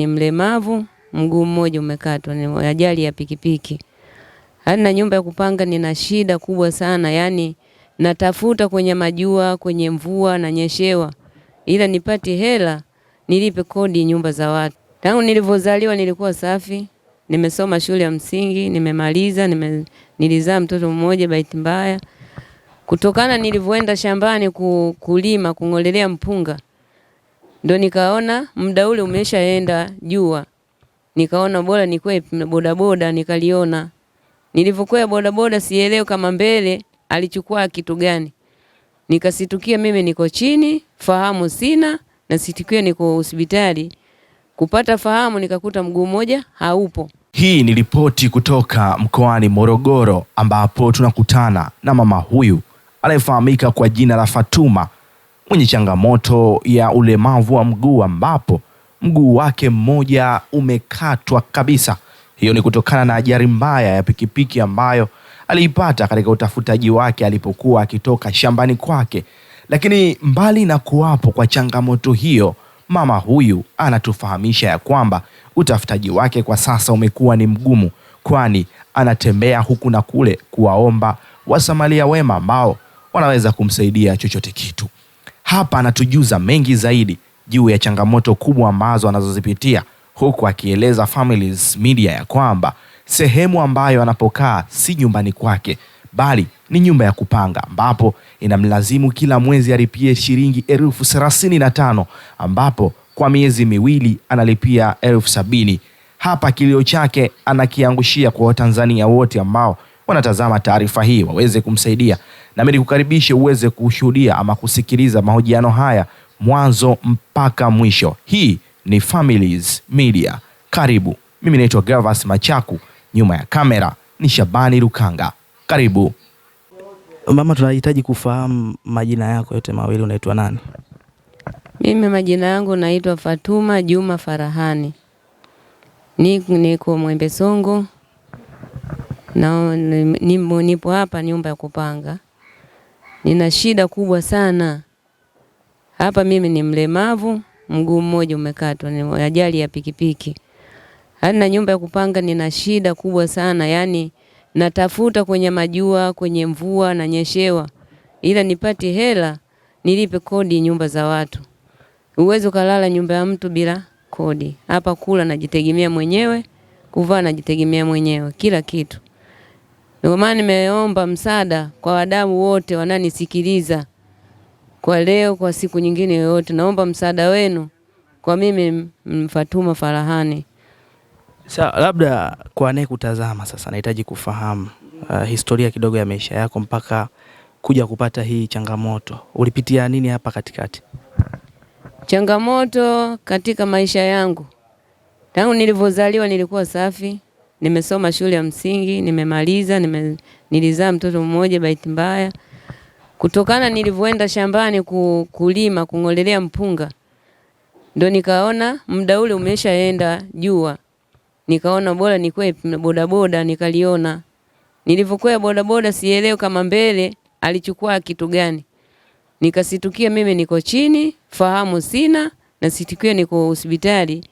Ni mlemavu, mguu mmoja umekatwa, ni ajali ya pikipiki. na nyumba ya kupanga, nina shida kubwa sana yani, natafuta kwenye majua, kwenye mvua, nyeshewa, ila nipate hela nilipe kodi nyumba za watu. Tangu nilivyozaliwa nilikuwa safi, nimesoma shule ya msingi nimemaliza, nime, nilizaa mtoto mmoja bahati mbaya, kutokana nilivyoenda shambani kulima kung'olelea mpunga Ndo nikaona muda ule umeshaenda jua, nikaona bora nikwe bodaboda. Nikaliona nilivyokuwa bodaboda, sielewi kama mbele alichukua kitu gani, nikasitukia mimi niko chini, fahamu sina, nasitukia niko hospitali. Kupata fahamu nikakuta mguu mmoja haupo. Hii ni ripoti kutoka mkoani Morogoro, ambapo tunakutana na mama huyu anayefahamika kwa jina la Fatuma mwenye changamoto ya ulemavu wa mguu ambapo mguu wake mmoja umekatwa kabisa. Hiyo ni kutokana na ajali mbaya ya pikipiki ambayo aliipata katika utafutaji wake alipokuwa akitoka shambani kwake. Lakini mbali na kuwapo kwa changamoto hiyo, mama huyu anatufahamisha ya kwamba utafutaji wake kwa sasa umekuwa ni mgumu, kwani anatembea huku na kule kuwaomba wasamaria wema ambao wanaweza kumsaidia chochote kitu. Hapa anatujuza mengi zaidi juu ya changamoto kubwa ambazo anazozipitia huku akieleza Families Media ya kwamba sehemu ambayo anapokaa si nyumbani kwake bali ni nyumba ya kupanga ambapo inamlazimu kila mwezi alipie shilingi elfu thelathini na tano ambapo kwa miezi miwili analipia elfu sabini. Hapa kilio chake anakiangushia kwa Watanzania wote ambao wanatazama taarifa hii waweze kumsaidia nami nikukaribishe uweze kushuhudia ama kusikiliza mahojiano haya mwanzo mpaka mwisho. Hii ni Families Media, karibu. Mimi naitwa Gavas Machaku, nyuma ya kamera ni Shabani rukanga karibu. Mama, tunahitaji kufahamu majina yako yote mawili, unaitwa nani? Mimi majina yangu naitwa Fatuma Juma Farahani, niko Mwembe Songo na nipo hapa nyumba ya kupanga nina shida kubwa sana hapa. Mimi ni mlemavu, mguu mmoja umekatwa, ni ajali ya pikipiki. Hana nyumba ya kupanga, nina shida kubwa sana yani natafuta kwenye majua, kwenye mvua na nyeshewa ila nipate hela nilipe kodi nyumba za watu. Uwezo kalala nyumba ya mtu bila kodi. Hapa kula najitegemea mwenyewe, kuvaa najitegemea mwenyewe, kila kitu. Ndio maana nimeomba msaada kwa wadau wote wananisikiliza kwa leo, kwa siku nyingine yoyote, naomba msaada wenu kwa mimi Mfatuma Farahani. Sawa, labda kwa anayekutazama sasa, nahitaji kufahamu uh, historia kidogo ya maisha yako mpaka kuja kupata hii changamoto. Ulipitia nini hapa katikati? Changamoto katika maisha yangu, tangu nilivyozaliwa nilikuwa safi nimesoma shule ya msingi nimemaliza, nime, nilizaa mtoto mmoja bahati mbaya. Kutokana nilivyoenda shambani kulima kung'olelea mpunga, ndo nikaona muda ule umeshaenda jua, nikaona bora nikwe bodaboda. Nikaliona nilivyokuwa bodaboda, sielewe kama mbele alichukua kitu gani, nikasitukia mimi niko chini, fahamu sina, nasitukia niko hospitali.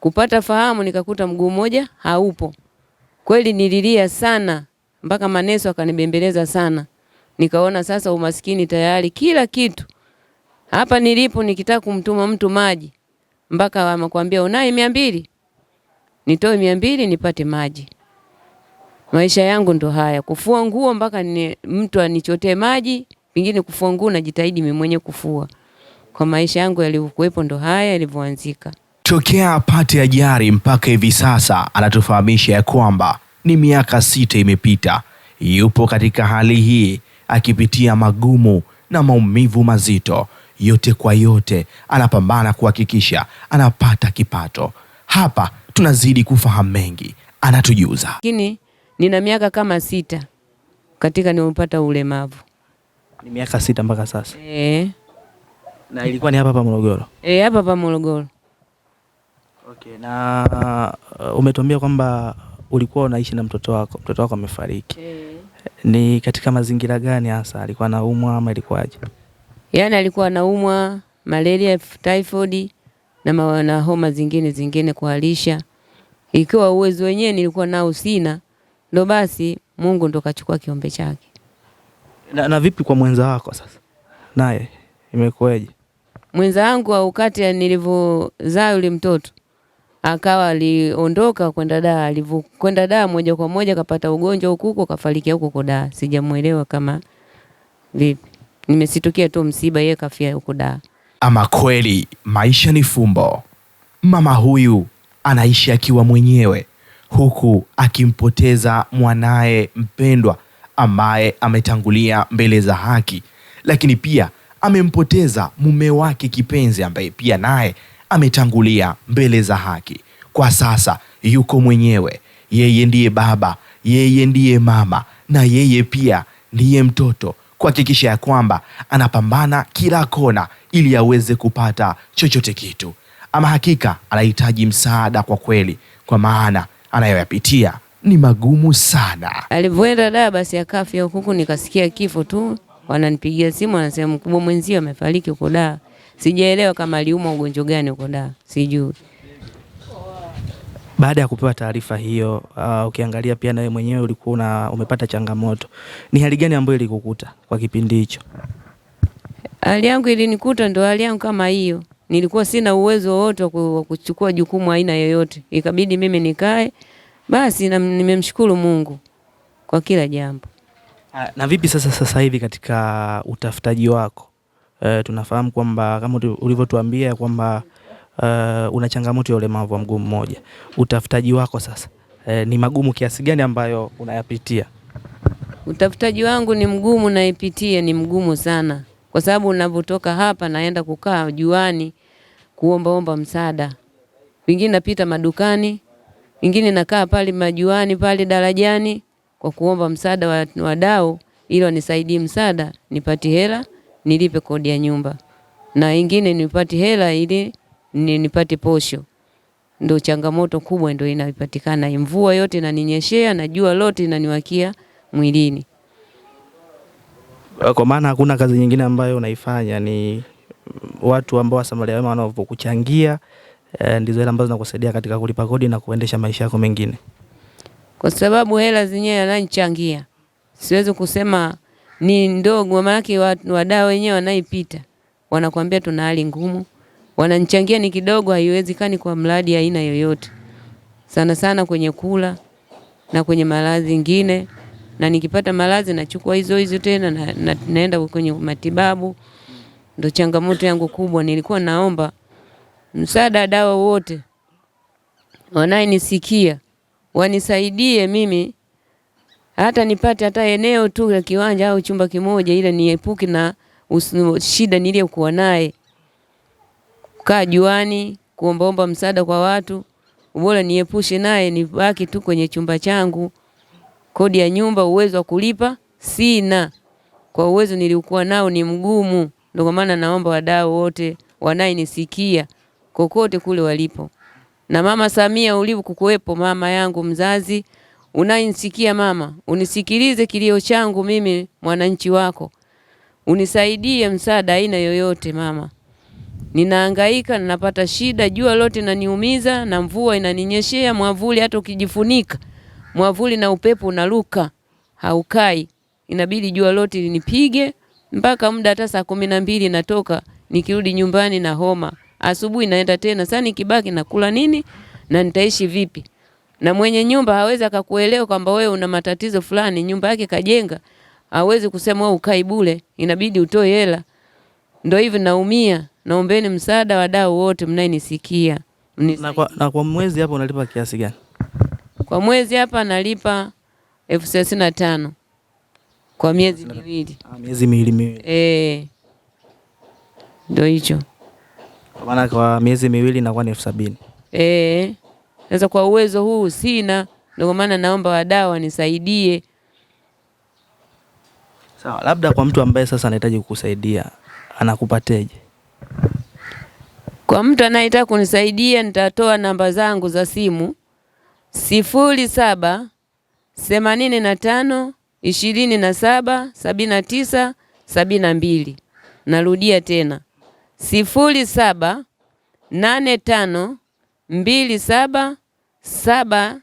Kupata fahamu nikakuta mguu mmoja haupo. Kweli nililia sana mpaka maneso akanibembeleza sana. Nikaona sasa umaskini tayari kila kitu. Hapa nilipo nikitaka kumtuma mtu maji mpaka amekwambia unaye mia mbili. Nitoe mia mbili nipate maji. Maisha yangu ndo haya, kufua nguo mpaka ni mtu anichotee maji, pingine kufua nguo najitahidi mimi kufua. Kwa maisha yangu yalivyokuwepo ndo haya yalivyoanzika. Tokea pate ajali mpaka hivi sasa anatufahamisha ya kwamba ni miaka sita imepita, yupo katika hali hii akipitia magumu na maumivu mazito. Yote kwa yote, anapambana kuhakikisha anapata kipato. Hapa tunazidi kufahamu mengi, anatujuza. Lakini nina miaka kama sita katika nimepata ulemavu, ni miaka sita mpaka sasa e. na ilikuwa ni hapa hapa Morogoro e, hapa hapa Morogoro. Okay, na uh, umetuambia kwamba ulikuwa unaishi na mtoto wako, mtoto wako amefariki e. Ni katika mazingira gani hasa? Alikuwa anaumwa ama ilikuwaje? Yaani alikuwa anaumwa malaria, typhoid na, ma, na homa zingine zingine kuhalisha, ikiwa uwezo wenyewe nilikuwa nao sina, ndo basi Mungu ndo kachukua kiombe chake. Na, na vipi kwa mwenza wako sasa, naye imekuwaje? Mwenza wangu wakati nilivyozaa yule mtoto akawa aliondoka kwenda da, Alivyokwenda da moja kwa moja kapata ugonjwa huko huko, kafariki huko kwa da. Sijamuelewa kama vipi, nimesitukia tu msiba, yeye kafia huko da. Ama kweli maisha ni fumbo. Mama huyu anaishi akiwa mwenyewe huku akimpoteza mwanaye mpendwa ambaye ametangulia mbele za haki, lakini pia amempoteza mume wake kipenzi ambaye pia naye ametangulia mbele za haki. Kwa sasa yuko mwenyewe, yeye ndiye baba, yeye ndiye mama, na yeye pia ndiye mtoto, kuhakikisha ya kwamba anapambana kila kona ili aweze kupata chochote kitu. Ama hakika anahitaji msaada kwa kweli, kwa maana anayoyapitia ni magumu sana. Alivyoenda daa basi akafia huku, nikasikia kifo tu, wananipigia simu wanasema mkubwa mwenzio amefariki huko daa. Sijaelewa kama aliumwa ugonjwa gani huko da, sijui. Baada ya kupewa taarifa hiyo, uh, ukiangalia pia nawe mwenyewe ulikuwa una umepata changamoto, ni hali gani ambayo ilikukuta kwa kipindi hicho? Hali yangu ilinikuta ndo hali yangu kama hiyo, nilikuwa sina uwezo wowote wa kuchukua jukumu aina yoyote, ikabidi mimi nikae basi. Nimemshukuru Mungu kwa kila jambo. Ah, na vipi sasa, sasa hivi katika utafutaji wako Eh, tunafahamu kwamba kama ulivyotuambia kwamba uh, una changamoto ya ulemavu wa mguu mmoja, utafutaji wako sasa uh, ni magumu kiasi gani ambayo unayapitia? Utafutaji wangu ni mgumu, naipitia ni mgumu sana, kwa sababu unavyotoka hapa naenda kukaa juani kuombaomba msaada, wengine napita madukani, wengine nakaa pale majuani pale darajani kwa kuomba msaada wa wadau ili wanisaidie msaada nipati hela nilipe kodi ya nyumba na ingine nipate hela ili nipate posho. Ndo changamoto kubwa ndo inapatikana, mvua yote inaninyeshea na jua lote inaniwakia mwilini. Kwa maana hakuna kazi nyingine ambayo unaifanya, ni watu ambao wasamaria wema wanavyokuchangia eh, ndizo hela ambazo zinakusaidia katika kulipa kodi na kuendesha maisha yako mengine, kwa sababu hela zenyewe ananichangia, siwezi kusema ni ndogo, maanake wadau wenyewe wanaipita wanakuambia tuna hali ngumu, wananichangia ni kidogo, haiwezekani kwa mradi aina yoyote, sana sana kwenye kula na kwenye maradhi ingine, na nikipata maradhi nachukua hizo hizo tena na, na, naenda kwenye matibabu. Ndo changamoto yangu kubwa, nilikuwa naomba msaada dawa wote wanayenisikia wanisaidie mimi hata nipate hata eneo tu la kiwanja au chumba kimoja, ila niepuke na shida niliyokuwa naye, kaa juani, kuombaomba msaada kwa watu. Bora niepushe naye, nibaki tu kwenye chumba changu. Kodi ya nyumba uwezo wa kulipa sina, kwa uwezo niliokuwa nao ni mgumu. Ndio kwa maana naomba wadau wote wanayenisikia kokote kule walipo, na mama Samia ulivyokuwepo, mama yangu mzazi unainsikia mama, unisikilize kilio changu mimi mwananchi wako. Unisaidie msaada aina yoyote mama. Ninahangaika, ninapata shida, jua lote naniumiza na mvua inaninyeshea, mwavuli hata ukijifunika mwavuli na upepo unaruka haukai, inabidi jua lote linipige mpaka muda hata saa kumi na mbili natoka, nikirudi nyumbani na homa, asubuhi naenda tena. Sasa nikibaki nakula nini na nitaishi vipi? na mwenye nyumba hawezi akakuelewa kwamba wewe una matatizo fulani, nyumba yake kajenga, hawezi kusema wewe ukai bure, inabidi utoe hela. Ndio hivi naumia, naombeni msaada wadau wote mnayenisikia. Na kwa, na kwa mwezi hapa unalipa kiasi gani? Kwa mwezi hapa nalipa elfu thelathini na tano kwa miezi miwili. Ah, miezi miwili miwili. Eh. Ndio hicho. Kwa maana kwa miezi miwili inakuwa ni elfu sabini. Eh. Sasa kwa uwezo huu sina, ndio maana naomba wadau wanisaidie. Sawa, labda kwa mtu ambaye sasa anahitaji kukusaidia anakupateje? Kwa mtu anayetaka kunisaidia nitatoa namba zangu za simu sifuri saba themanini na tano ishirini na saba sabini na tisa sabini na mbili. Narudia tena sifuri saba nane tano mbili saba saba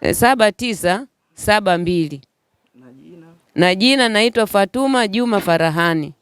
eh, saba tisa saba mbili na jina naitwa Fatuma Juma Farahani.